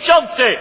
przewodniczący!